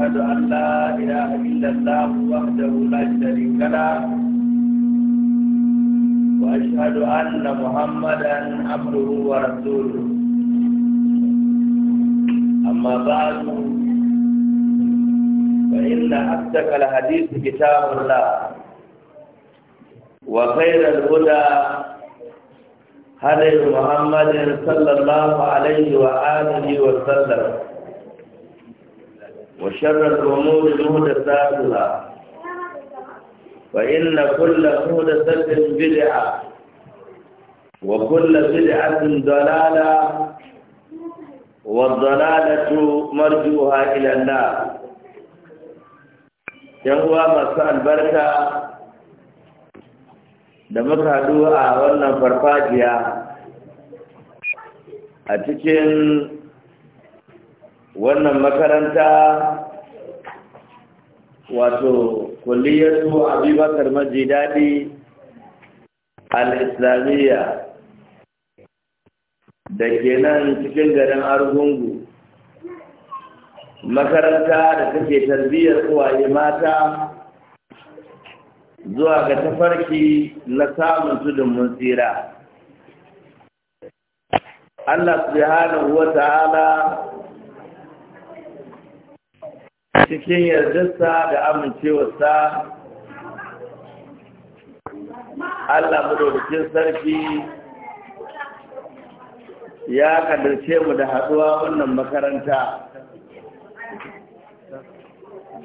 أشهد أن لا إله إلا الله وحده لا شريك له وأشهد أن محمدا عبده ورسوله أما بعد فإن أصدق الحديث كتاب الله وخير الهدى هدي محمد صلى الله عليه وآله وسلم وشر الأمور مهدساتها فإن كل مهدسة بدعة وكل بدعة ضلالة والضلالة مرجوها إلى النار يهوى مساء البركة دمك هدوها haɗu a wannan a cikin wannan makaranta wato kulliyatu abubakar majidadi daɗi al'islamiyya da ke nan cikin garin argungu makaranta da take tarbiyyar uwaye mata zuwa ga tafarki na samun tudun mun tsira Allah subhanahu wa ta'ala cikin yardarsa da amincewarsa Allah madaukakin sarki ya kaddace mu da haɗuwa wannan makaranta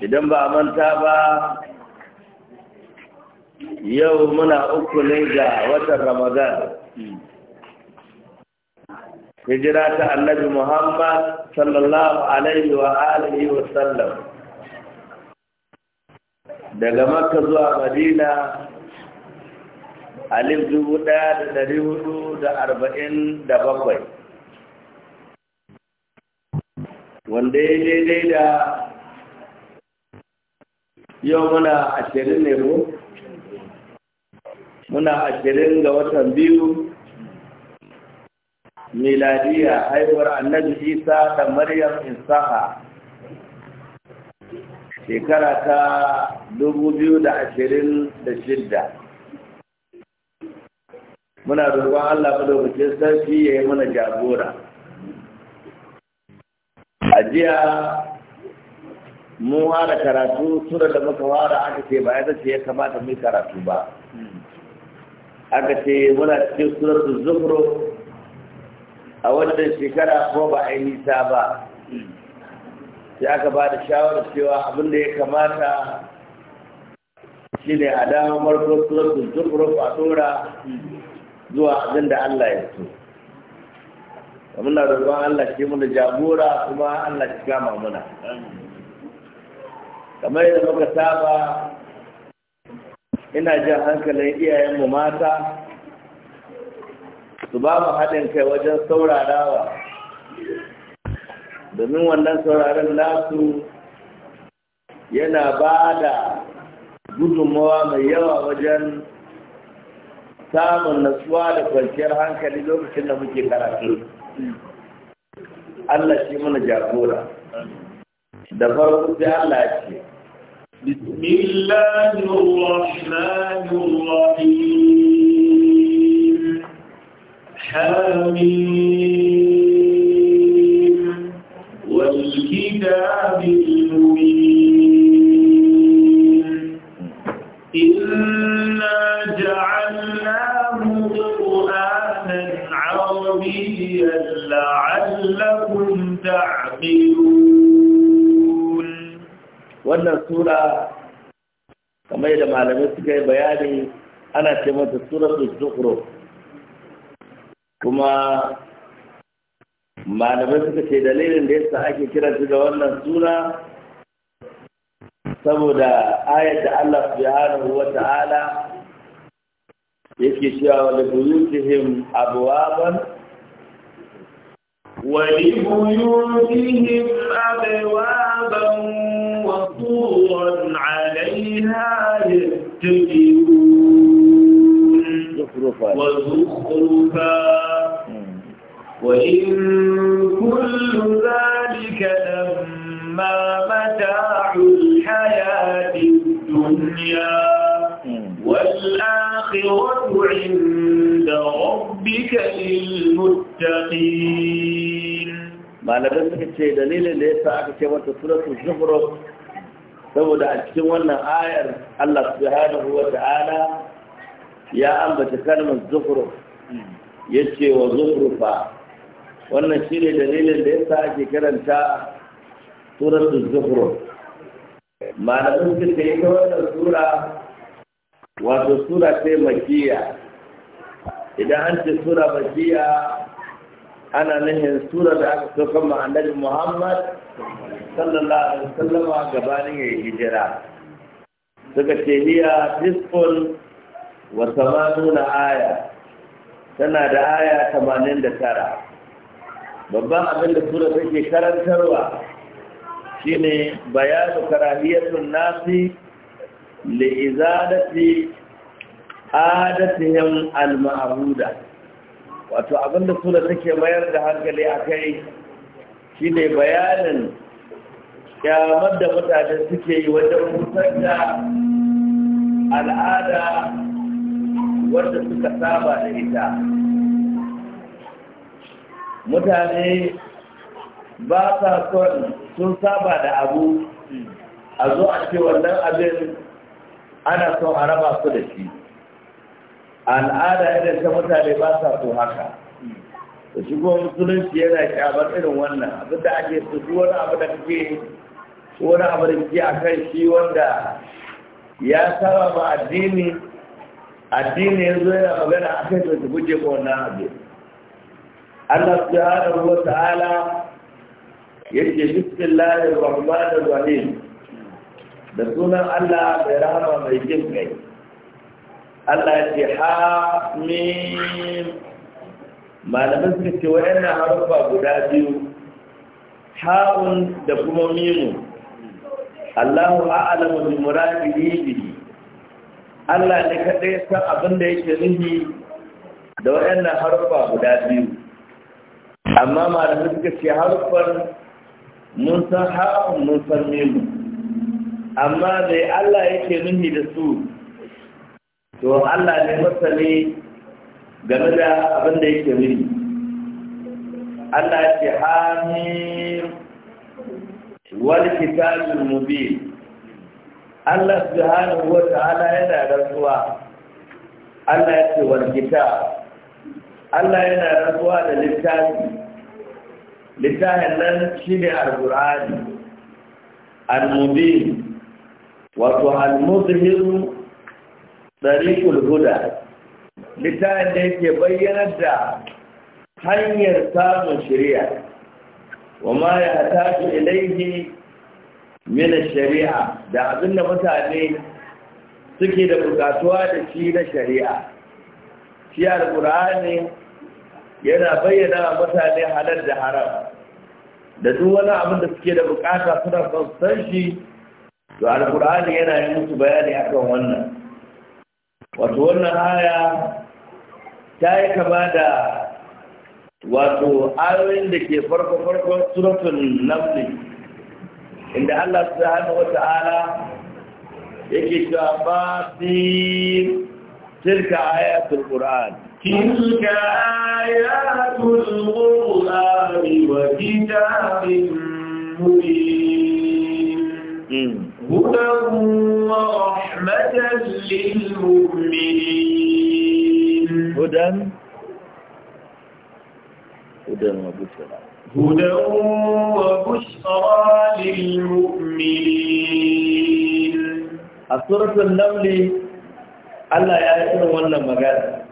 idan ba a manta ba yau muna uku ne ga watan ramadan hijira ta annabi muhammad sallallahu alaihi wa alihi wa sallam daga makka zuwa madina alif dubu ɗaya da dari hudu da arba'in da bakwai wanda ya daidai da yau muna ashirin ne ko muna ashirin ga watan biyu miladiya haihuwar annabi isa da maryam isa'a shekara ta shidda. muna roƙon Allah madaukakin sarki ya yi mana jagora a jiya mun fara karatu tura da muka fara aka ce ba ya zace ya kamata mu karatu ba aka ce muna cikin surar zumro a wannan shekara ko ba a yi nisa ba sai aka ba da shawarar cewa abin da ya kamata shi ne a damar rasulun zukuruf a tura zuwa abin da Allah ya so kamar na Allah shi muna jagora kuma Allah shi kama muna kamar yadda muka saba ina jan hankalin iyayenmu mata su ba mu haɗin kai wajen saurarawa domin wannan sauraron nasu yana ba da gudunmawa mai yawa wajen samun nasuwa da kwanciyar hankali lokacin da muke karatu Allah shi mana jagora da farko sai Allah ya ce Bismillahirrahmanirrahim الكتاب المبين إنا جعلناه قرآنا عربيا لعلكم تعقلون wannan sura kamar da malamai suka yi bayani ana ce mata suratul kuma malamai suka ce dalilin da yasa ake kira shi da wannan suna saboda ayat da Allah subhanahu wa ta'ala yake cewa wa buyutihim abwaban wa li buyutihim abwaban wa turan 'alayha yattaqun wa zukhrufan وإن كل ذلك لما متاع الحياة الدنيا والآخرة عند ربك للمتقين ما نبدأ في الشيء دليل اللي يسعك كما تصورة الزهرة سوداء الشمونا آية الله سبحانه وتعالى يا أمة كلمة الزهرة يسي وزهرة wannan shi ne dalilin da yasa ake karanta surar zufru malamin sun yi ta wannan sura wato sura ce makiya idan an ce sura makiya ana nufin sura da aka sauka ma annabi muhammad sallallahu alaihi wasallama gabanin ya hijira suka ce hiya tisfun wa samanuna aya tana da aya tamanin da tara babban abin da sura take karantarwa shine bayanu karahiyatun nasi li izadati adatihim al-ma'ruda wato abin da sura take mayar da hankali akai shine bayanin kyamar da mutane suke yi wajen mutar da al'ada wanda suka saba da ita mutane ba sa son sun saba da abu a zo a ce wannan abin ana son a raba su da shi al'ada idan ta mutane ba sa so haka da shi kuma musulunci yana kyabar irin wannan abin da ake su duk wani abu da kake wani abu da kake a kan shi wanda ya saba ma addini addini ya zo yana magana a kai ta guje ko wannan abin Allah subhanahu wa ta'ala yake bismillahir rahmanir rahim da sunan Allah mai rahama mai jin kai Allah ya ce ha mim malamin suka ce wayannan harufa guda biyu ha'un da kuma mimu Allahu a'lamu bi muradihi bihi Allah ne kadai san abin da yake nufi da wayannan harufa guda biyu amma malamai suka ce harfan mun san harfin mun san nemu amma da Allah yake nuhi da su to Allah ne masani game da abin da yake nuhi Allah ya ce hamim wal kitabul mubin Allah subhanahu wa ta'ala yana rantsuwa Allah ya ce wal kitab Allah yana rantsuwa da littafi littafin nan shi ne al-qur'ani al-mubin wato al-muzhir tariqul huda littafin da yake bayyanar da hanyar samun shari'a wa ma ya tashi ilaihi min shari'a da abinda mutane suke da bukatuwa da shi na shari'a shi alqur'ani yana bayyana mutane halar da haram da duk wani abin da suke da bukata suna son san shi to alkur'ani yana yi musu bayani akan wannan wato wannan aya ta yi kama da wato ayoyin da ke farko farkon suratun nafsi, inda Allah wata ala yake cewa ba tilka ayatul qur'an تلك آيات القرآن وكتاب مبين هدى ورحمة للمؤمنين هدى هدى وبشرى هدى وبشرى للمؤمنين السورة النمل الله يعلم أن wannan magana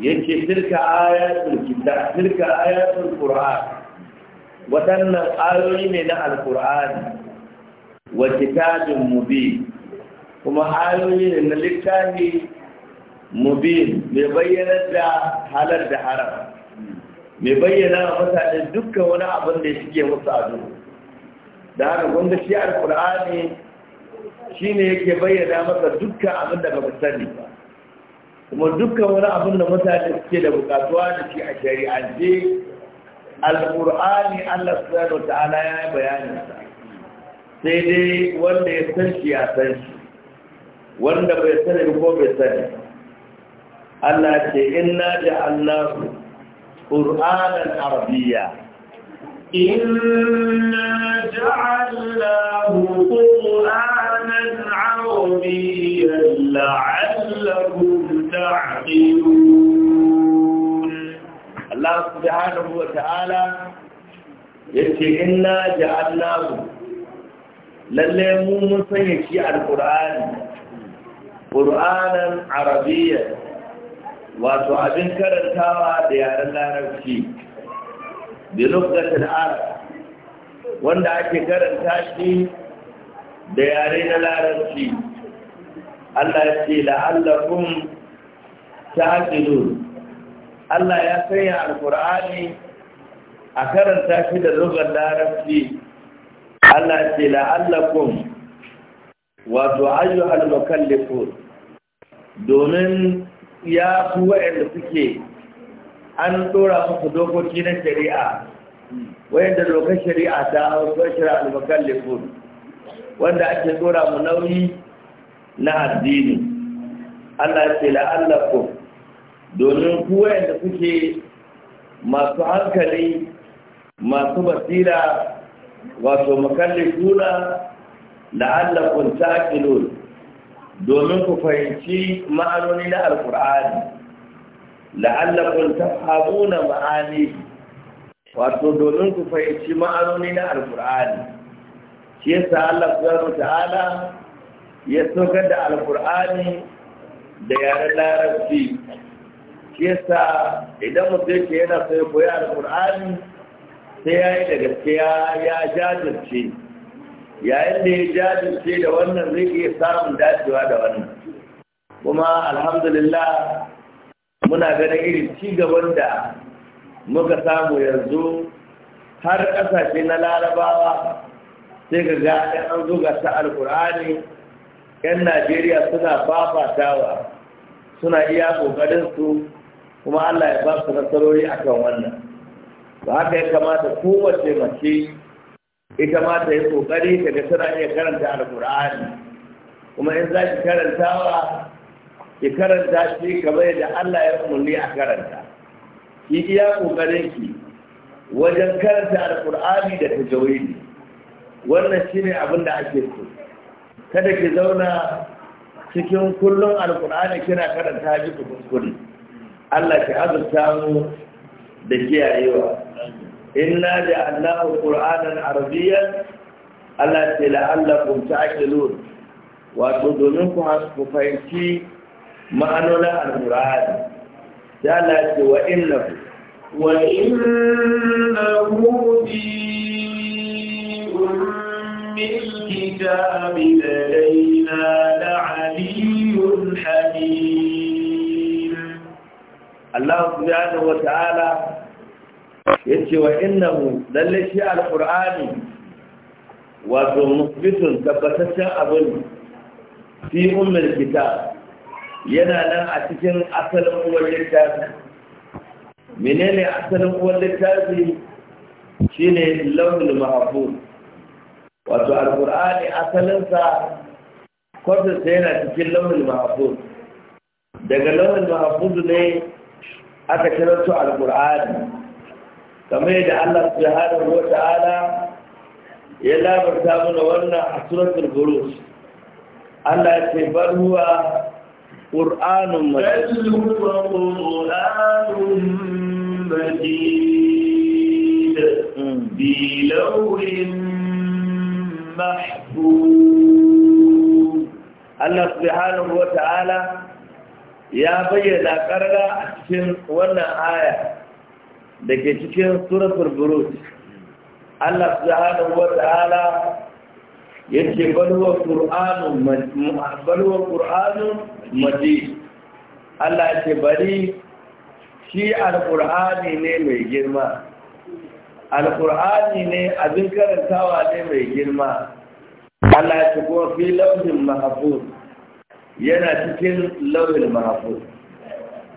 yake tilka ayatul kitab tilka ayatul qur'an wadannan ayoyi ne na alqur'an wa kitabun mubin kuma ayoyi ne na littafi mubin mai bayyana da halar da haram mai bayyana wa mutane dukkan wani abin da suke musu ado da haka kun shi alqur'ani shine yake bayyana masa dukkan abin da baka sani ba kuma dukkan wani abin da mutane suke da bukatuwa da shi a shari'ance alƙur'ani Allah subhanahu wa ta'ala ya yi bayanin sa sai dai wanda ya san shi ya san shi wanda bai sani ko bai sani Allah ce inna ja'alnahu qur'anan arabiyya inna ja'alnahu qur'anan arabiyyan la'allakum تعقلون الله سبحانه وتعالى yace inna ja'alnahu lalle mu mun sanya shi alqur'ani qur'anan arabiyya wato abin karantawa da yaren larabci bi lugatil arab wanda ake karanta shi da yare na larabci Allah ya ce la'allakum ta'qilun Allah ya sanya alqur'ani a karanta shi da lugar larabci Allah ce la'allakum wato ayyuhal mukallifun domin ya ku wa'anda suke an dora musu dokoki na shari'a wa'anda dokar shari'a ta hausa shari'a al-mukallifun wanda ake dora mu nauyi na addini Allah ce la'allakum domin kuwa da suke masu hankali masu basira wato makalli Allah la'allakun taƙilun domin ku fahimci ma'anoni na alkur'ani la'allakun tafhamuna ma'ani wato domin ku fahimci ma'anoni na alkur'ani shi yasa Allah subhanahu ta'ala ya saukar da alkur'ani da yaren larabci shi yasa idan mutum yake yana sai ya koya sai ya yi da gaskiya ya jajirce yayin da ya jajirce da wannan zai iya samun dacewa da wannan kuma alhamdulillah muna ganin irin ci gaban da muka samu yanzu har kasashe na larabawa sai ga gaɗin an zo ga ta alkur'ani 'yan najeriya suna fafatawa suna iya ƙoƙarinsu kuma Allah ya ba su nasarori kan wannan ba haka ya kamata kowace mace ita ma ta yi kokari ta ga tana iya karanta alkur'ani kuma in za ki karanta wa, ki karanta shi kamar yadda Allah ya umarni a karanta ki iya kokarin ki wajen karanta alkur'ani da tajawidi wannan shine abin da ake so kada ki zauna cikin kullum alkur'ani kina karanta ji kuskure Allah ka azurta mu da kiyayewa inna da allahu qur'anan arabiyyan Allah ce ake lura, wato domin ku ku fahimci ma'anonin alqur'ani da Allah ku. wa innahu wa innahu fi ummil kitabi ladaina la'aliyyun hamid Allah subhanahu wa ta'ala ya ce wa innahu lalle shi alqur'ani wato musbitun tabbataccen abin fi ummul kitab yana nan a cikin asalin uwar littafi menene asalin uwar littafi ne launin mahfuz wato alqur'ani asalinsa kwatansa yana cikin launin mahfuz daga launin mahfuz ne aka kiranto alƙur'ani kamar yadda Allah subhanahu wa ta'ala ya labarta mana wannan a suratul buruj Allah ya ce bar huwa qur'anun majid bi lawhin mahfuz Allah subhanahu wa ta'ala ya bayyana karga a cikin wannan aya da ke cikin suratul buruj Allah subhanahu wa ta'ala yace bal huwa qur'anun bal huwa qur'anun majid Allah yace bari shi alqur'ani ne mai girma alqur'ani ne abin karantawa ne mai girma Allah ce kuma fi lawhin mahfuz yana cikin lauyin a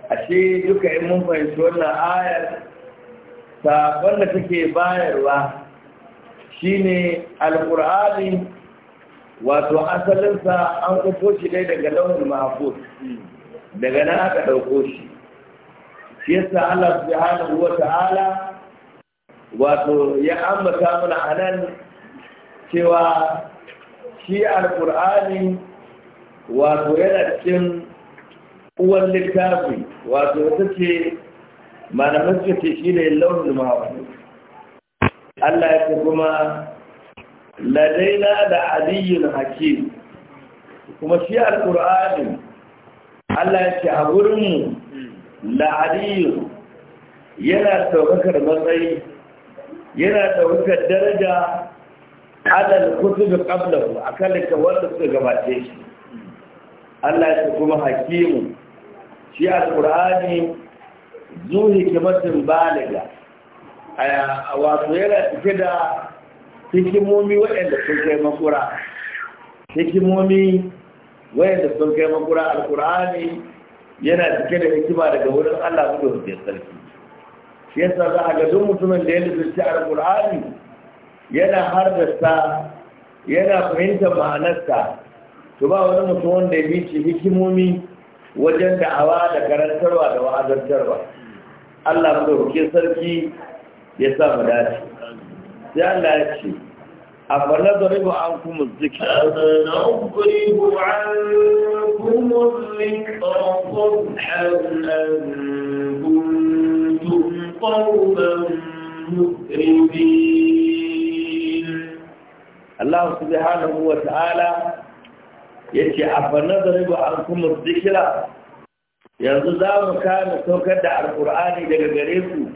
ashe duka in mun fahimci wannan ayar sabon da take bayarwa shine alkur'ani wato asalinsa an kufo shi dai daga lauyin mahafuz daga na aka ɗauko shi shi yasa Allah su subhanahu wa ta'ala wato ya ambata mana anan cewa shi alkur'ani wato yana cikin uwan littafi wato wata ce malamai suka ce shi ne launin mahaifin Allah ya ce kuma ladaina da aliyun hakim kuma shi alƙur'anin Allah ya ce a wurinmu la'aliyun yana ɗaukakar matsayi yana ɗaukakar daraja alal kutubi a a littafin wanda suka gabace shi Allah ya kuma hakimu shi alqur'ani zu hikimatin baliga aya wato yana cike da hikimomi waɗanda sun kai makura hikimomi waɗanda sun kai makura alqur'ani yana cike da hikima daga wurin Allah mu da sarki shi yasa za a ga duk mutumin da ya lubunci alqur'ani yana sa yana fahimta ma'anarsa to ba wani mutum wanda ya bici hikimomi wajen da'awa da karantarwa da wa'azantarwa Allah mu dauke sarki ya sa mu dace sai Allah ya ce a fara ba an kuma zikir na'ukuribu an kuma zikir Allah subhanahu wa ta'ala yace abanna ba an kuma zikira yanzu za mu kame saukar da alkur'ani daga gare ku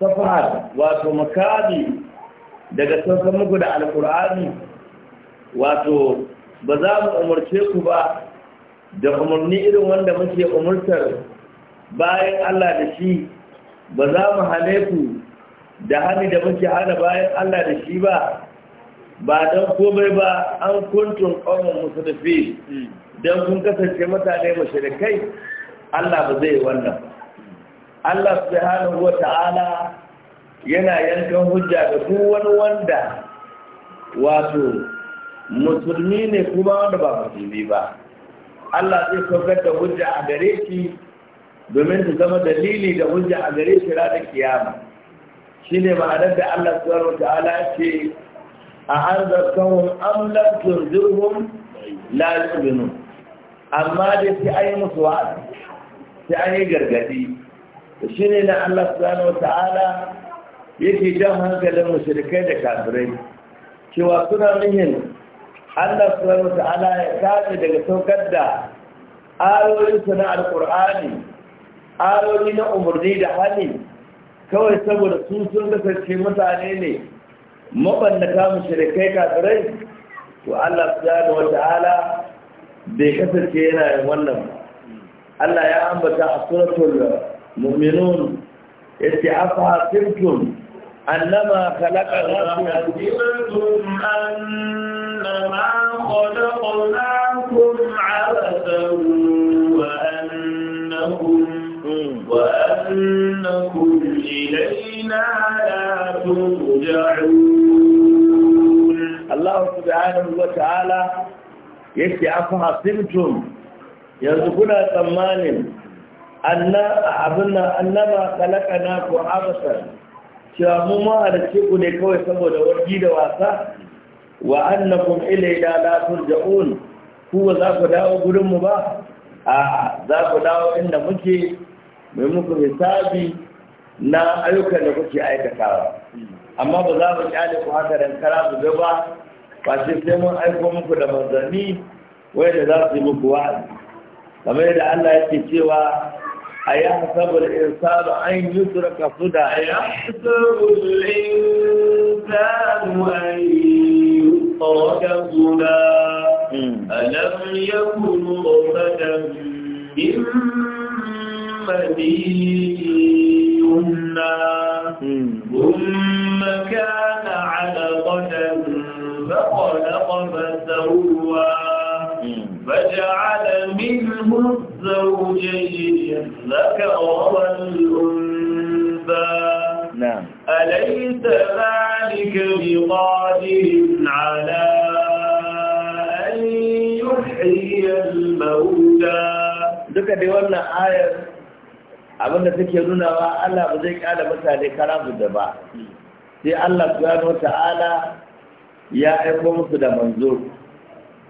safar wato makami daga saukar muku da alkur'ani wato ba za mu umarce ku ba da umarni irin wanda muke umartar bayan Allah da shi ba za mu hane ku da hannu da muke hana bayan Allah da shi ba ba don komai ba an kuntun da fi don kun kasance mutane da kai. Allah ba zai wannan Allah subhanahu hannun wata'ala yana yankan hujja da wani wanda wato musulmi ne kuma wanda ba musulmi ba Allah zai saukar da hujja a gare shi domin ta zama dalili da hujja a gare shi ranar kiyama ne ma'anar da Allah subhanahu hannun wata'ala ce أأنذرتهم أم لم تنذرهم لا يؤمنون أما دي في أي مصوات في أي قرقتي شنين الله سبحانه وتعالى yake jan hankalin mushrikai da kafirai cewa suna nihin Allah subhanahu ta'ala ya kame daga saukar da ayoyin na alqur'ani ayoyi na umarni da hali kawai saboda su sun kasance mutane ne mabannata mushrikai kafirai to Allah subhanahu wata'ala bai kasance yana yin wannan Allah ya ambata a suratul mu'minun yace afahasibtum annama khalaqnakum annama khalaqnakum 'abatan wa annakum hmm. wa annakum ilayhi إنا لا wa ta'ala سبحانه وتعالى yake afahasibtum yanzu kuna tsammanin annaba na ku ko abasar cewa mu mahalarci ku ne kawai saboda wargi da wasa wa annakum da la ja’un, ku ba za ku dawo gudunmu ba a za ku dawo inda muke mai muku hisabi na ayyukan da kuke aikatawa amma ba za mu kyale ku haka dan kara su gaba ba sai sai mun aiko muku da manzanni wai da za su yi muku wa'azi kamar yadda Allah yake cewa أيحسب الإنسان أن يترك سدى أيحسب الإنسان أن يترك سدى ألم يكن نطفة من مني da take wa Allah ba zai kada mutane karamu da ba sai Allah subhanahu ta'ala ya aiko musu da manzo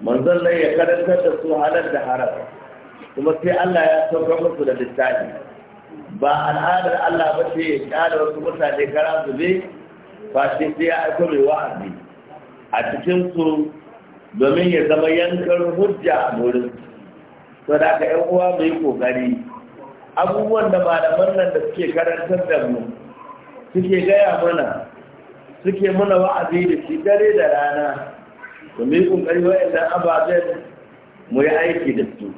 manzon nan ya karantar da su halar da haram kuma sai Allah ya saukar musu da littafi ba al'adar Allah ba sai ya kada wasu mutane karamu ne ba sai ya aiko mai wa'azi a cikin su domin ya zama yankan hujja a wurin saboda ka yan uwa mai kokari abubuwan da malaman nan da suke karantar da mu suke gaya mana suke mana wa'azi da shi dare da rana to mu yi kokari idan ababen mu yi aiki da su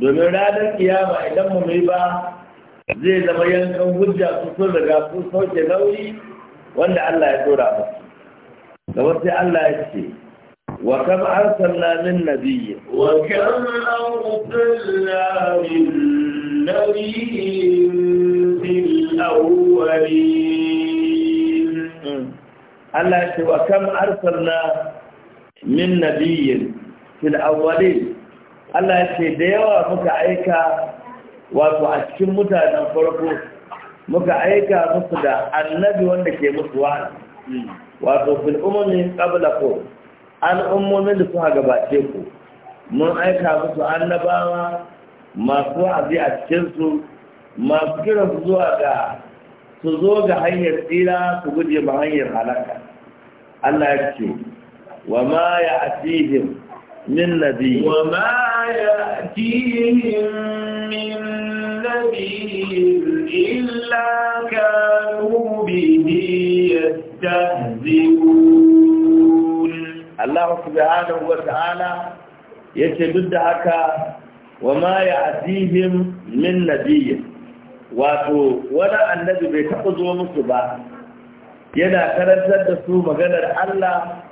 domin ranar kiyama idan mu yi ba zai zama yankan hujja su sun riga su sauke nauyi wanda Allah ya tura mu da sai Allah ya ce Wa arsalna min nabiyyi wa kam arsalna min نبي في الأولين الله وكم أرسلنا من نبي في الأولين Allah ce da yawa muka aika wato a cikin mutanen farko muka aika musu da annabi wanda ke musu wa wato fil ummin qablakum al'ummomin da suka gabace ku mun aika musu annabawa masu wa'azi a cikinsu masu kira su zuwa ga su zo ga hanyar tsira su guje ma hanyar halaka Allah ya ce wa ma ya atihim min nabi wa ma ya atihim min nabi illa kanu bihi yastahzi'un Allah subhanahu wa ta'ala yace duk da haka wa ma ya'tihim min nabiyyin wato wani annabi bai taɓa zo musu ba yana karantar da su maganar Allah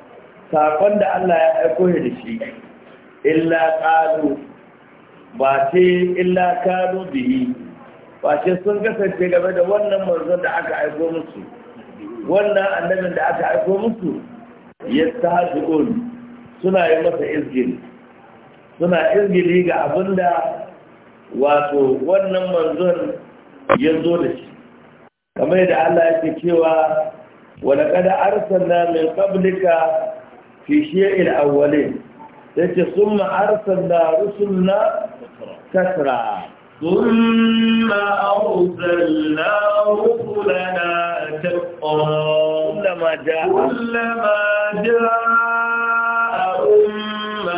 saƙon da Allah ya aiko ya da shi illa ƙalu ba ce illa ƙalu bihi ba ce sun kasance game da wannan manzon da aka aiko musu wannan annabin da aka aiko musu ya suna yi masa izgin suna izgili ga abin da wato wannan manzon ya zo da shi kamar da Allah yake cewa wani kada arsanna min qablika fi shi'il awwalin yace summa arsalna rusulna kasra ثم أرسلنا na تقرا كلما ƙwallo كلما جاء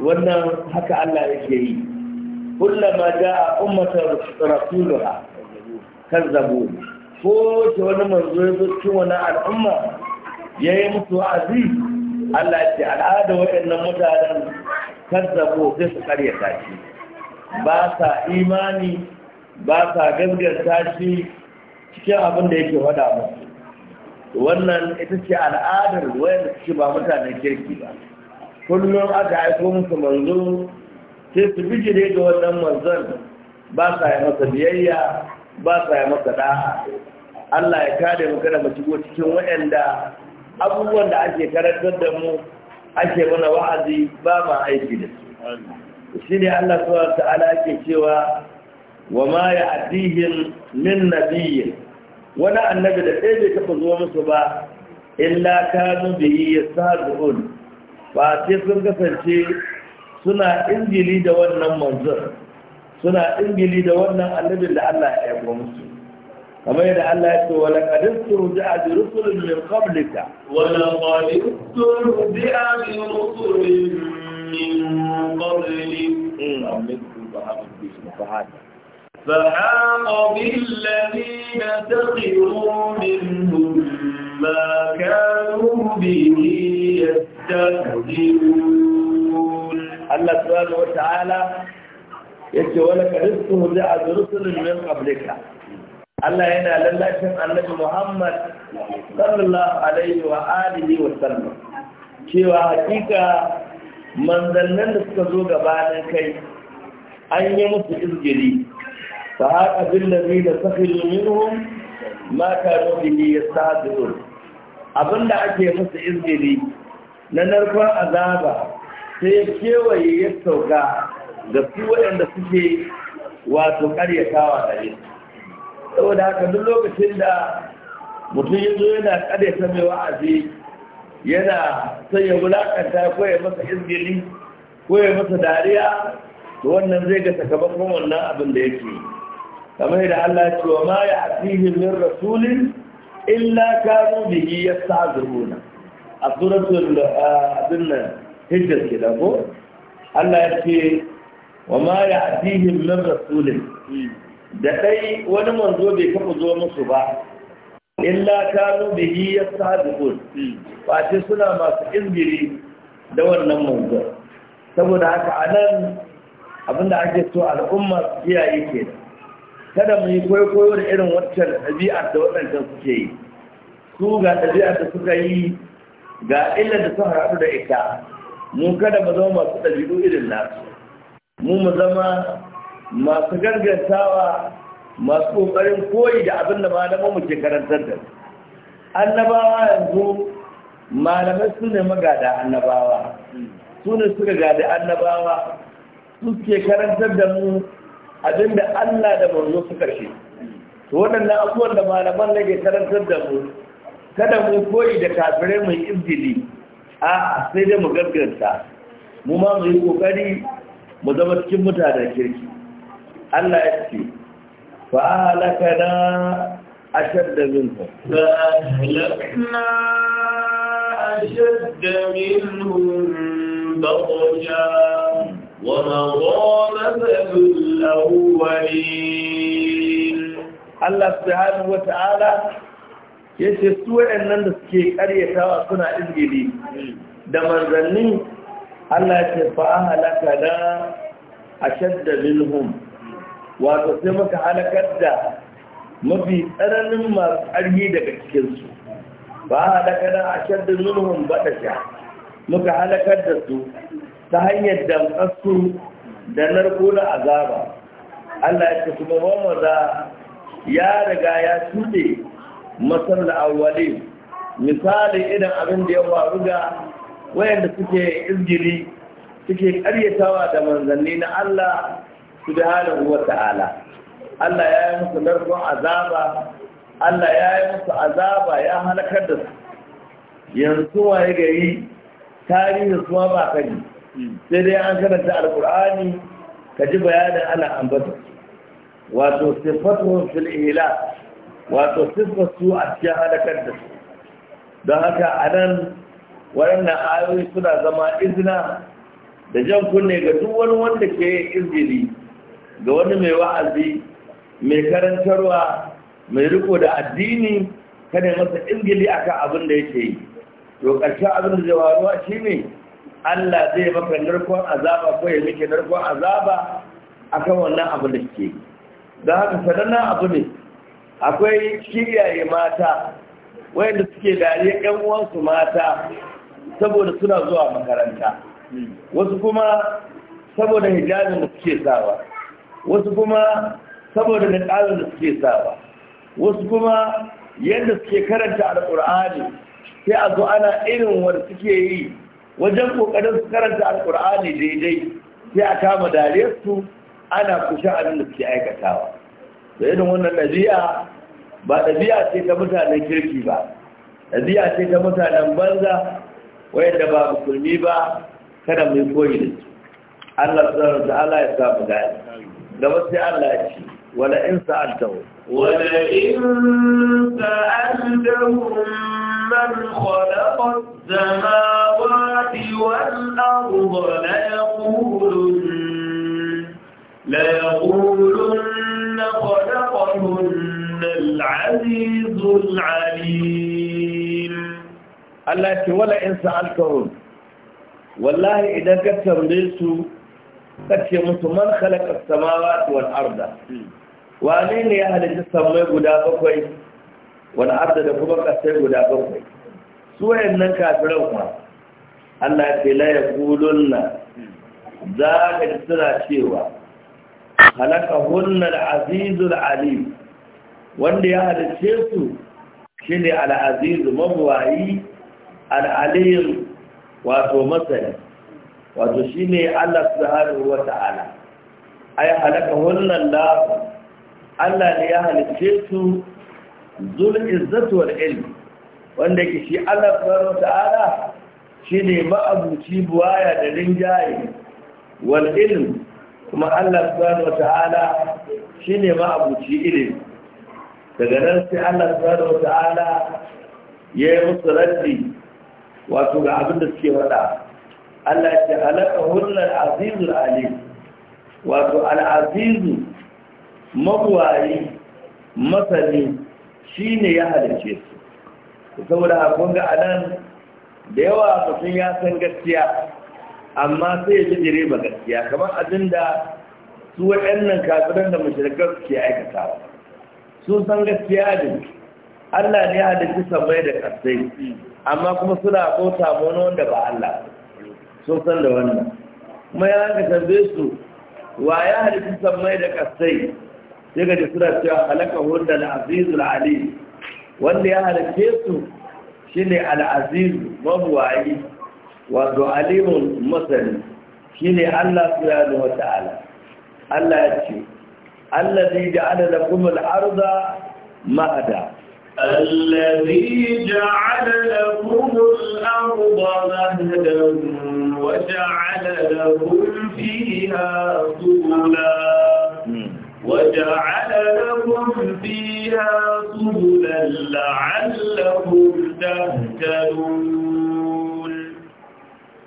wannan haka Allah yake yi kullama ja'a ummatar rasuluha kazzabu ko ce wani manzo ya zo cikin wani al'umma ya yi mutu wa'azi Allah ce al'ada waɗannan mutanen kazzabu sai su karyata shi ba sa imani ba sa gaskata shi cikin abin da yake faɗa musu wannan ita ce al'adar wayanda da ba mutanen kirki ba kullum aka aiko musu manzo sai su bijire da wannan manzon ba sa yi masa biyayya ba sa yi masa da Allah ya kare mu kada mu shigo cikin waɗanda abubuwan da ake karantar da mu ake mana wa'azi ba ma aiki da su shi ne Allah subhanahu ta'ala yake cewa wa ma ya'tihim min nabiyyin wani annabi da ɗaya bai taɓa zuwa musu ba illa kanu bihi yastahzi'un ba ce sun kasance suna ingili da wannan manzon suna ingili da wannan annabin da Allah ya yabo musu kamar yadda Allah ya ce wala qad turja'a bi rusulin min qablika wala qad turja'a bi rusulin min qablika فحاق بالذين سخروا منهم ما كانوا به يستهزئون الله سبحانه وتعالى yace wala ka rizquhu da azrusulun min qablika Allah yana lallashin Annabi Muhammad sallallahu alaihi wa alihi wa sallam cewa hakika manzannin da suka zo gabanin kai an yi musu izgiri fa haka bil ladina sakhilu minhum ma kanu bihi yastahzi'un Abin da ake masa izini na narkon azaba sai ya kewaye ya sauka ga su waɗanda suke wato ƙaryatawa yi saboda haka duk lokacin da mutum ya zo yana ƙaryata mai wa'azi yana son ya wulaƙanta ko ya masa izgili ko ya masa dariya to wannan zai ga sakamakon wannan abin da yake kamar da Allah ya ce wa ma ya asihi min rasulin illa kanu bihi yastahziruna a suratul abin nan hijjar ke Allah ya ce wa ma ya'tihim min rasulin da ɗai wani manzo bai kafa zo musu ba illa kanu bihi yastahzirun ba ce suna masu izgiri da wannan manzo saboda haka anan abinda ake so al'umma kiyaye kenan kada mu yi kwaikwayo da irin wancan ɗabi'ar da waɗancan suke yi su ga ɗabi'ar da suka yi ga illar da suka haɗu da ita mu kada mu zama masu ɗabi'u irin nasu mu mu zama masu gangantawa masu ƙoƙarin koyi da abin da malaman mu ke karantar da annabawa yanzu malamai su ne magada annabawa su ne suka gada annabawa su ke karantar da mu abinda Allah da manzo suka ce to waɗannan abubuwan da malaman nake karantar da mu kada mu koyi da kafirai mu izgili a sai dai mu gagganta mu ma mu yi kokari mu zama cikin mutanen kirki Allah ya ce fa halakana ashadda minkum fa halakna ashadda minhum baghya ومضى مثل الأولين الله سبحانه ya ce su waɗannan da suke ƙaryatawa suna izgili da manzanni Allah ya ce fa’a halaka da shadda minhum wato sai muka halakar da mafi tsananin masu ƙarfi daga cikinsu ba halakar da ba minhum sha. muka halakar da su ta hanyar damtsassu da narko na azaba Allah ya ce kuma wanda ya riga ya tuɗe masal awwali misali idan abin da ya faru ga wayanda suke izgiri suke karyatawa da manzanni na Allah su halin uwar ta'ala Allah ya yi musu narkon azaba Allah ya yi musu azaba ya halakar da su yanzu waye gari tarihin suwa ba kani sai dai an karanta alkur'ani ka ji bayanin ana ambata wato sifatuhum fil wato sifatu a cikin halakar da su don haka anan waɗannan ayoyi suna zama izina da jan kunne ga duk wani wanda ke izini ga wani mai wa'azi mai karantarwa mai riko da addini kada masa ingili akan abin da yake yi to ƙarshen abin da zai waruwa shine Allah zai maka narkon azaba ko ya miki narkon azaba kan wannan abu da ke da haka na abu ne akwai kiyaye mata wayanda suke dariya 'yan uwansu mata saboda suna zuwa makaranta wasu kuma saboda hijabin da suke sawa wasu kuma saboda da da suke sawa wasu kuma yadda suke karanta alƙur'ani sai a zo ana irin wanda suke yi wajen kokarin su karanta alkur'ani daidai sai a kama dariyar su ana kusha abin da suke aikatawa da irin wannan ɗabi'a ba ɗabi'a ce ta mutanen kirki ba ɗabi'a ce ta mutanen banza wayanda ba musulmi ba kada mu yi koyi da su Allah subhanahu wa ta'ala ya samu gani gaba sai Allah ya ce wala in sa'altahu wala in sa'altahum من خلق السماوات والأرض ليقولن ليقولن خلقهن العزيز العليم الله ولا إنسى الكون والله إذا كثر ليسوا تكي من خلق السماوات والأرض وأنين يا أهل جسم ويقول wani abda da kuma kasai guda bakwai su nan kafiran kuma Allah ya ce la yaqulunna za ka ji suna cewa halaka hunna azizu da alim wanda ya halice su shine al-aziz mabuwayi al wato masani wato shine Allah su subhanahu wa ta'ala Ai halaka hunna Allah Allah ne ya halice su zul izzatu wal ilm wanda ke shi Allah subhanahu ta'ala shine ma'abuci buwaya da rinjaye wal ilm kuma Allah subhanahu ta'ala shine ma'abuci ilimi daga nan sai Allah subhanahu ta'ala ya yi musu raddi wato ga abin da suke faɗa Allah ya halaka hullar azizul alim wato al-azizu mabuwayi masani shi ne ya halice su saboda kun ga anan da yawa mutum ya san gaskiya amma sai ya ji direba gaskiya kamar abin da su waɗannan kafinan da mashirkar ke aikata, sun san gaskiya ne Allah ne ya halitta samai da ƙasai amma kuma suna samu mana wanda ba Allah sun san da wannan kuma ya haka tambaye su wa ya halitta samai da ƙasai sai ga suna cewa halaka wanda Al'azizu ali wanda ya halace su shine al'aziz mabuwayi wato alimun masani ne Allah subhanahu wata'ala Allah ya ce allazi ja'ala lakum al-arda mahada الذي جعل لكم الأرض مهدا وجعل لكم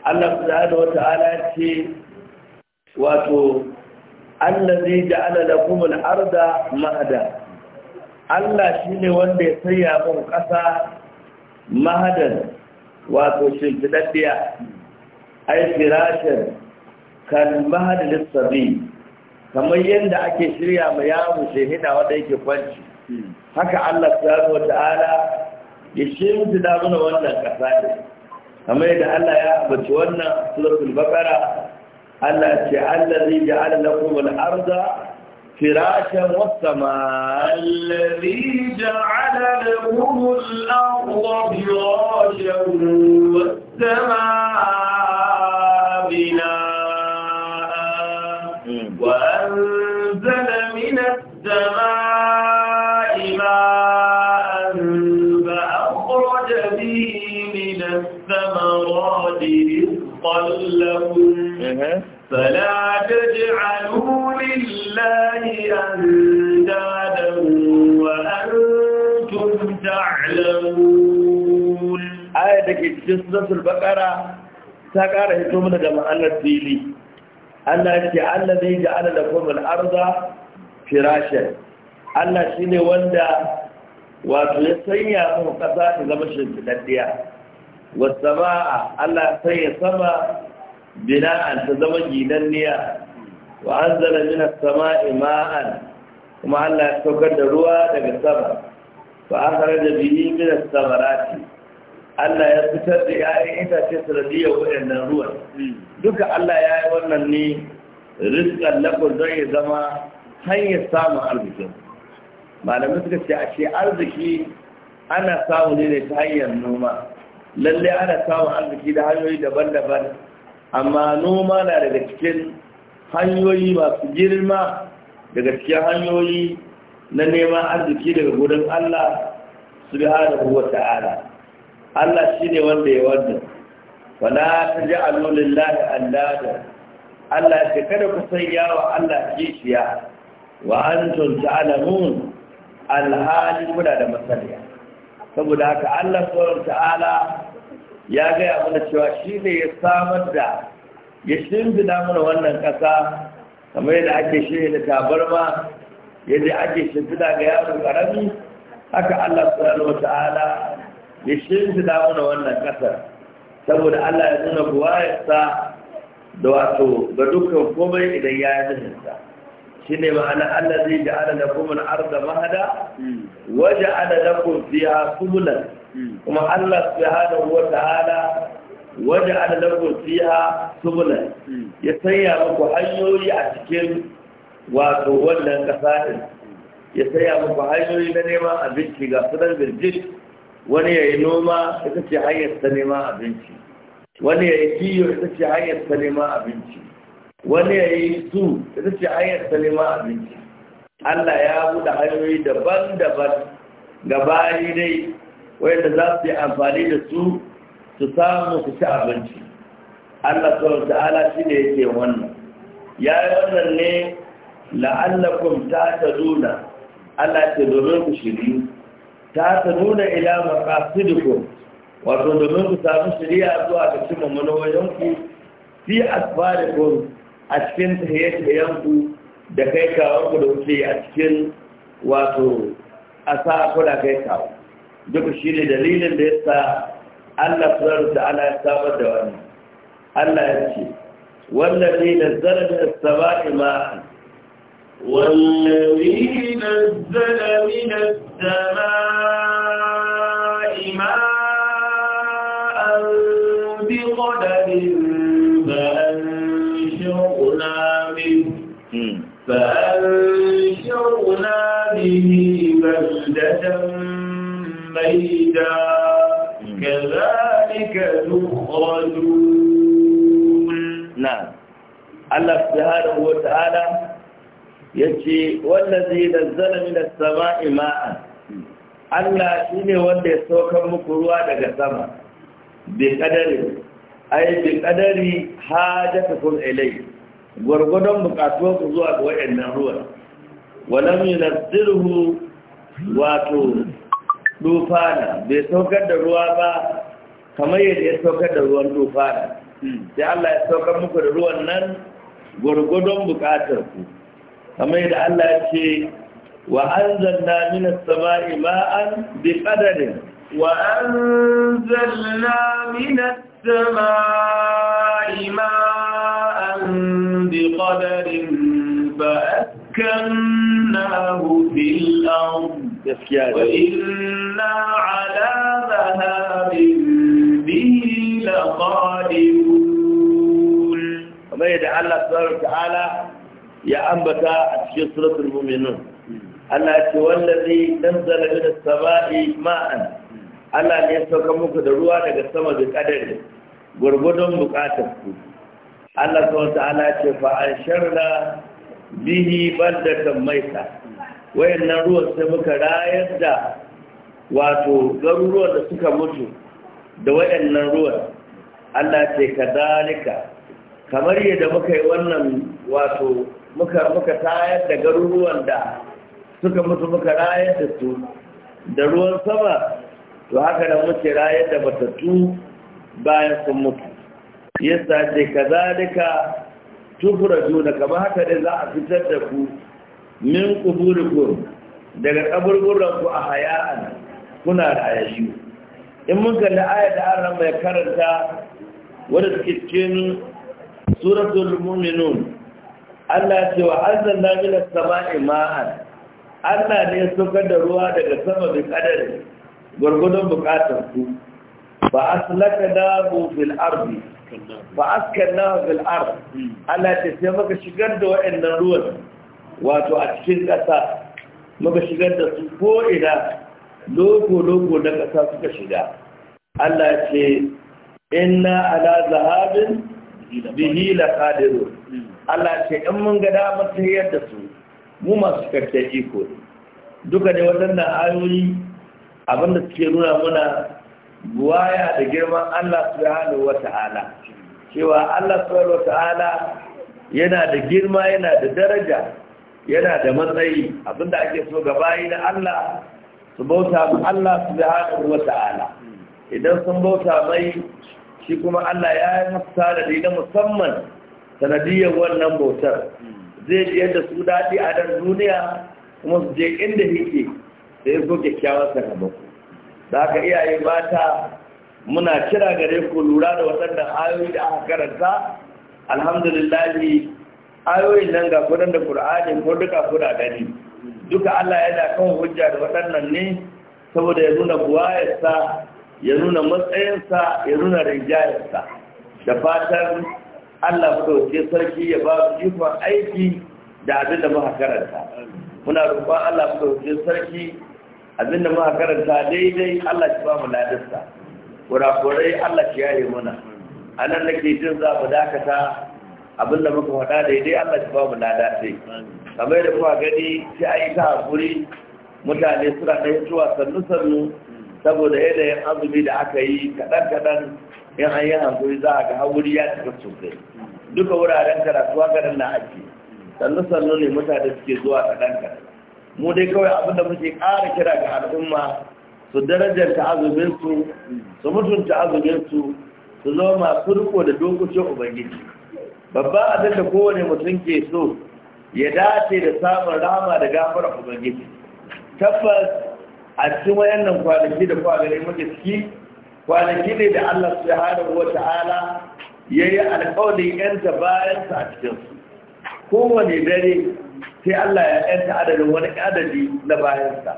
Allah subhanahu wata'ala ce wato allazi ja'ala lakum al-arda mahada Allah shine wanda ya sanya muku ƙasa mahadan wato shimfidaddiya ay firashin kan mahadin sabi kamar yadda ake shirya ma yawo shehida wanda yake kwanci hmm. haka Allah subhanahu wata'ala ya shimfida mana wannan ƙasa ne kamar yadda Allah ya ambaci wannan suratul baqara Allah ya ce allazi ja'ala lakum al-ardha firashan والسماء الذي السماء خيرا لهم فلا تجعلوا لله أندادا وأنتم تعلمون آية دكي جسد البقرة سكارة هتومنا جمع الله تيلي الله الذي جعل لكم الأرض فراشا الله شيني وندا وقلت سيئة مقصاة زمشن تدديها wasama'a Allah sai ya sama bina'an ta zama gidanniya wa anzala min samai ma'an kuma Allah ya saukar da ruwa daga sama fa da bihi min samarati Allah ya fitar da ‘ya'yan itace sanadiyar waɗannan ruwa. Duka Allah ya yi wannan ne rizkan lakon zai ya zama hanyar samun arzikin. Malamai suka ce, ashe arziki ana samu ne ta hanyar noma. Lallai ana samun arziki da hanyoyi daban-daban amma noma na daga cikin hanyoyi masu girma daga cikin hanyoyi na neman arziki daga gudun Allah subhanahu kuwa ta'ala Allah ne wanda ya wanda wala a lillahi andada Allah ya kada ku sanya wa Allah kishiya wa antum alamun alhalin muna da masaniya saboda haka Allah sauran ta'ala ya gaya mana cewa shi ne ya samar da ya shimfida mana wannan ƙasa kamar yadda ake shirya da tabarma yadda ake shimfida ga yaro ƙarami haka Allah sauran ta'ala ya shimfida mana wannan ƙasa saboda Allah ya nuna buwayarsa da wato ga dukkan komai idan ya yi nufinsa. ne ma'ana Allah zai allazi ja'ala lakum al-ardha mahada wa ja'ala lakum fiha subulan kuma Allah subhanahu wa ta'ala wa ja'ala lakum fiha subulan ya sanya muku hanyoyi a cikin wato wannan kasa din ya sanya muku hanyoyi na neman abinci ga sunan birjit wani ya yi noma ita ce hanyar ta neman abinci wani ya yi kiyo ita ce hanyar ta neman abinci wani ya yi su ita ce hanyar Salima a abinci allah ya buɗe hanyoyi daban-daban ga bayi dai wanda za su yi amfani da su su samu su ci abinci allah sau ala shi ne yake wannan ya yi wannan ne La'allakun ta ta nuna allah ce domin ku shiri ta ta nuna ila ku. wato domin ku samu shirya zuwa ga cimma yanku fi asfarikun a cikin tsaye-tsayenku da kai ku da wuce a cikin wato a sa da kai kawo duk shi ne dalilin da ya sa Allah surar da ana ya samar da wani Allah ya ce da da saba zararin sama'i ne da na da sama'i أفيدا كذلك تخرجون نعم الله سبحانه وتعالى yace wallazi nazzala minas sama'i ma'an Allah shine wanda ya saukar muku ruwa daga sama bi qadari ay bi qadari hajatukum ilay gurgudon bukatuwar ku zuwa ga wayannan ruwan Wa walam yunzilhu wato dufana bai saukar da ruwa ba kamar yadda ya saukar da ruwan dufana hmm. sai Allah ya saukar muku da ruwan nan gwargwadon bukatar ku kamar yadda Allah ya ce wa anzalna minas sama'i ma'an bi qadarin wa anzalna minas sama'i gaskiya da inna ala zahabin bihi laqadirun kamar yadda Allah subhanahu ta'ala ya ambata a cikin suratul mu'minun Allah ce wallazi tanzala min as-sama'i ma'an Allah ne ya sauka muku da ruwa daga sama da kadari gurgudun bukatar ku Allah subhanahu ta'ala ce fa ansharna bihi baldatan maita nan ruwan sai muka rayar da wato garuruwan da suka mutu da nan ruwan Allah ce kadalika kamar yadda muka yi wannan wato muka muka tayar da garuruwan da suka mutu muka rayar da su da ruwan sama to haka da muke rayar da batattu bayan sun mutu yasa ce kadalika tufura juna kamar haka ne za a fitar da ku min ku. daga kaburburan a haya'an kuna rayayu in mun kalli ayat da an mai karanta wadda suke cikin suratul mu'minun Allah ce wa anzalna minas sama'i Allah ne ya saukar da ruwa daga sama bi kadari gurgudun bukatar ku fa aslaka bu fil ardi a askanna bil ardi hmm. Allah ce sai maka shigar da wa'annan ruwan wato a cikin ƙasa muka shigar da su ko'ina loko-loko na ƙasa suka shiga Allah ce inna ala zahabin bihi la Allah ce in mun gada damar yadda su mu masu karshe iko ne duka ne waɗannan ayoyi abinda suke nuna muna buwaya da girman Allah subhanahu ala. cewa Allah subhanahu ala yana da girma yana da daraja yana da matsayi abinda ake so ga bayi na Allah su bauta ma Allah su subhanahu wa ta'ala idan sun bauta mai shi kuma Allah ya yi musu da na musamman sanadiyar wannan bautar zai ji yadda su daɗi a dan duniya kuma su je inda yake sai zo kyakkyawar sakamako da haka iyaye mata muna kira gare ku lura da waɗannan ayoyi da aka karanta alhamdulillahi ayoyin nan ga kudan da Qur'ani ko duka kuda gani duka Allah yana kan hujja da waɗannan ne saboda ya nuna buwayarsa ya nuna matsayinsa ya nuna rinjayarsa da fatan Allah sauke sarki ya ba su ikon aiki da abin da muka karanta muna roƙon Allah sauke sarki abin da muka karanta daidai Allah shi ba mu ladarsa kurakurai Allah shi yaye muna anan nake jin za mu dakata abin da muka faɗa daidai Allah shi ba mu lada sai kamar da kuma gani sai a yi ta hakuri mutane suna ta zuwa sannu sannu saboda yanayin azumi da aka yi kaɗan kaɗan in an yi hankuri za a ga hakuri ya tafi sosai duka wuraren karatu haka nan na ake sannu sannu ne mutane suke zuwa kaɗan kaɗan mu dai kawai abin da muke ƙara kira ga al'umma su darajanta azuminsu su mutunta azuminsu su zama masu riko da dokokin ubangiji babba abin da kowane mutum ke so ya dace da samun rama da gafara ubangiji tabbas a cikin wayannan kwanaki da kwanaki muke ciki kwanaki ne da Allah subhanahu wata'ala yayi alƙawarin yanta bayan sa a cikin su kowane dare sai Allah ya yanta adadin wani adadi na bayan sa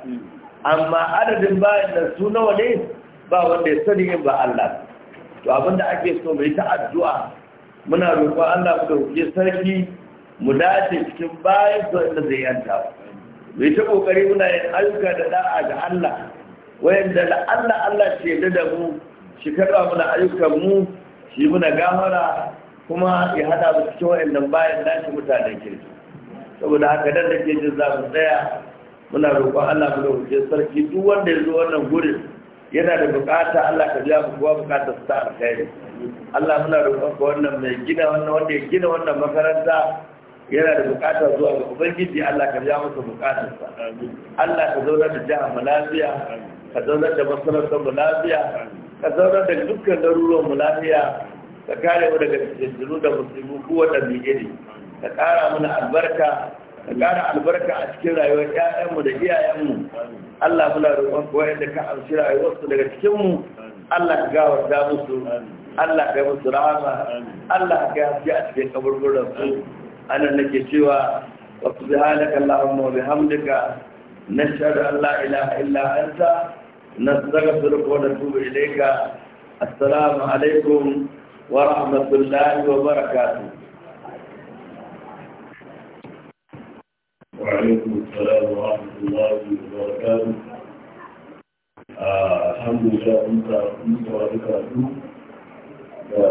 amma adadin bayan da su nawa ne ba wanda ya sani yin ba Allah to abinda ake so mai ta addu'a muna roƙon Allah ku dauke sarki mu dace cikin bayan su wanda zai yanta mai ta kokari muna yin ayyuka da da'a ga Allah wayanda da Allah Allah ce da da mu shi karba muna ayyukan mu shi muna gafara kuma ya hada mu cikin wayannan bayan dace mutanen kirki saboda haka dan da ke jin za mu tsaya muna roƙon Allah mu dauke sarki duk wanda ya zo wannan gurin yana da bukata Allah ka biya buwa bukata su ta alkhairi Allah muna roƙon ka wannan mai gina wannan wanda ya gina wannan makaranta yana da bukata zuwa ga ubangiji Allah ka biya masa bukatarsa Allah ka zauna da jihar mu lafiya ka zauna da masarautar mu lafiya ka zauna da dukkan garuruwan mu lafiya ka kare mu daga fitintunu da musulmi kowanne mai iri ka ƙara mana albarka ka ƙara albarka a cikin rayuwar 'ya'yanmu da iyayenmu Allah muna roƙon koyar da ka amshi rayuwarsu daga cikinmu Allah ka gawarta musu Allah ka musu rahama Allah ka yafi a cikin kaburburan su anan nake cewa wa subhanaka allahumma wa hamdika na an la ilaha illa anta nastaghfiruka da natubu ilaika assalamu alaikum wa rahmatullahi wa barakatuh وعليكم السلام ورحمة الله وبركاته آه، الحمد لله أنت أنت وأنت